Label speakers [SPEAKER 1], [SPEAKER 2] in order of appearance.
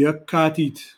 [SPEAKER 1] የካቲት